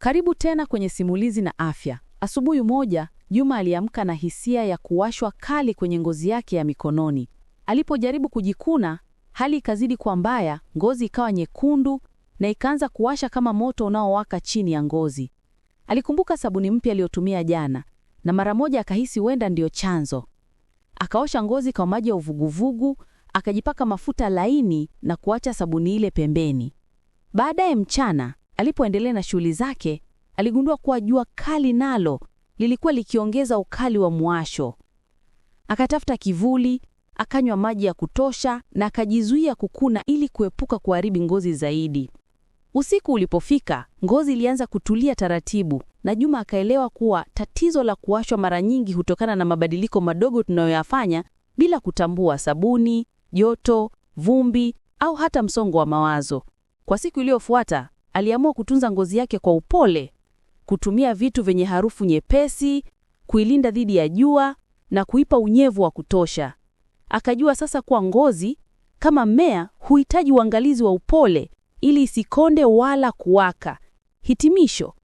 Karibu tena kwenye Simulizi na Afya. Asubuhi moja, Juma aliamka na hisia ya kuwashwa kali kwenye ngozi yake ya mikononi. Alipojaribu kujikuna, hali ikazidi kuwa mbaya, ngozi ikawa nyekundu na ikaanza kuwasha kama moto unaowaka chini ya ngozi. Alikumbuka sabuni mpya aliyotumia jana na mara moja akahisi huenda ndiyo chanzo. Akaosha ngozi kwa maji ya uvuguvugu, akajipaka mafuta laini na kuacha sabuni ile pembeni. Baadaye mchana Alipoendelea na shughuli zake, aligundua kuwa jua kali nalo lilikuwa likiongeza ukali wa mwasho. Akatafuta kivuli, akanywa maji ya kutosha na akajizuia kukuna ili kuepuka kuharibi ngozi zaidi. Usiku ulipofika, ngozi ilianza kutulia taratibu na Juma akaelewa kuwa tatizo la kuwashwa mara nyingi hutokana na mabadiliko madogo tunayoyafanya bila kutambua: sabuni, joto, vumbi au hata msongo wa mawazo. Kwa siku iliyofuata, aliamua kutunza ngozi yake kwa upole, kutumia vitu vyenye harufu nyepesi, kuilinda dhidi ya jua na kuipa unyevu wa kutosha. Akajua sasa kuwa ngozi kama mmea huhitaji uangalizi wa upole ili isikonde wala kuwaka. Hitimisho: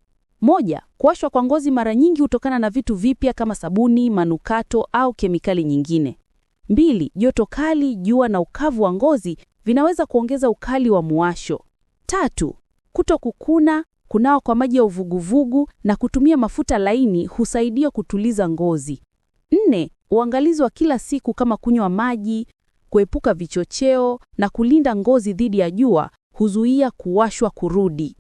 moja, kuwashwa kwa ngozi mara nyingi hutokana na vitu vipya kama sabuni, manukato au kemikali nyingine. Mbili, joto kali, jua na ukavu wa ngozi vinaweza kuongeza ukali wa muasho. Tatu, Kuto kukuna, kunawa kwa maji ya uvuguvugu na kutumia mafuta laini husaidia kutuliza ngozi. Nne, uangalizi wa kila siku kama kunywa maji, kuepuka vichocheo na kulinda ngozi dhidi ya jua huzuia kuwashwa kurudi.